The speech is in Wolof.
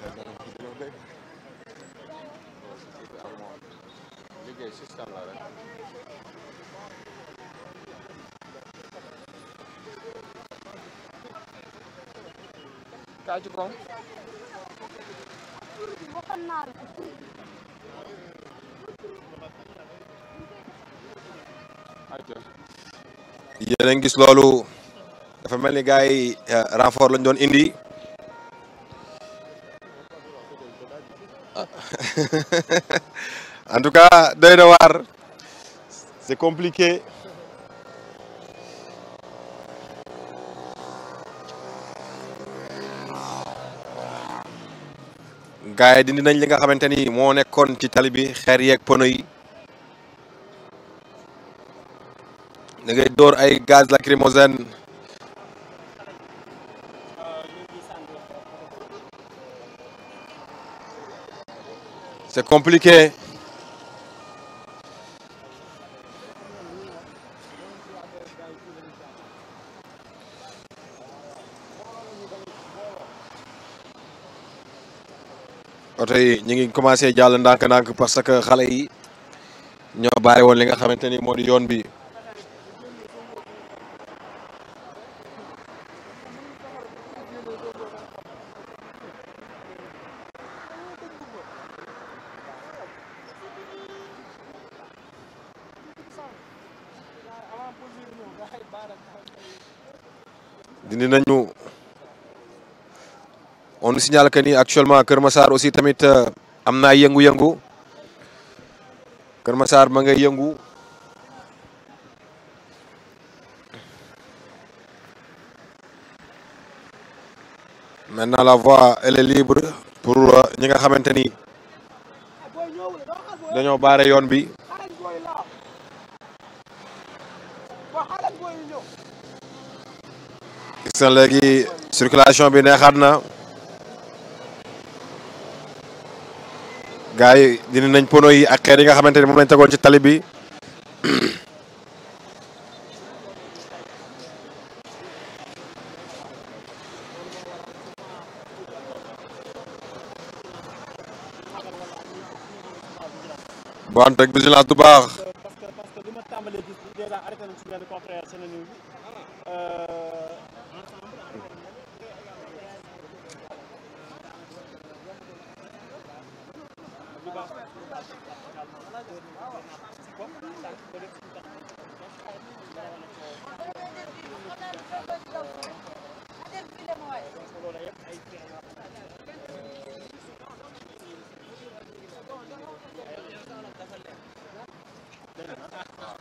sen de gidiyor gis loolu dafa mel ni gars yi euh, renfort lañ doon indi en tout cas doy na waar c'est compliqué gars yi dindi nañ li nga xamante ni moo nekkoon ci tali bi xeer yeeg pono yi da ngay dóor ay gaz lacrymogène C'est compliqué. oto yi ñu ngi commencé jàll ndànk-ndànk parce que xale yi ñoo bari woon li nga xamante ni moo di yoon bi dindi nañu on nous signale actuellement Kër Massar aussi tamit euh, am naa yëngu-yëngu Kër Massar ma ngay yëngu maintenant la voie elle libre pour euh, ñi nga xamante ni dañoo baare yoon bi gis na léegi circulation bi neexaat na gars yi dindi nañ pono yi ak xeer yi nga xamante ni moom lañ ci tali bi bu ànd ak vigilance baax que bi ma tàmbalee gis bi dèjà arrêté nañ suñu benn confrère seen news bi ensemble euh,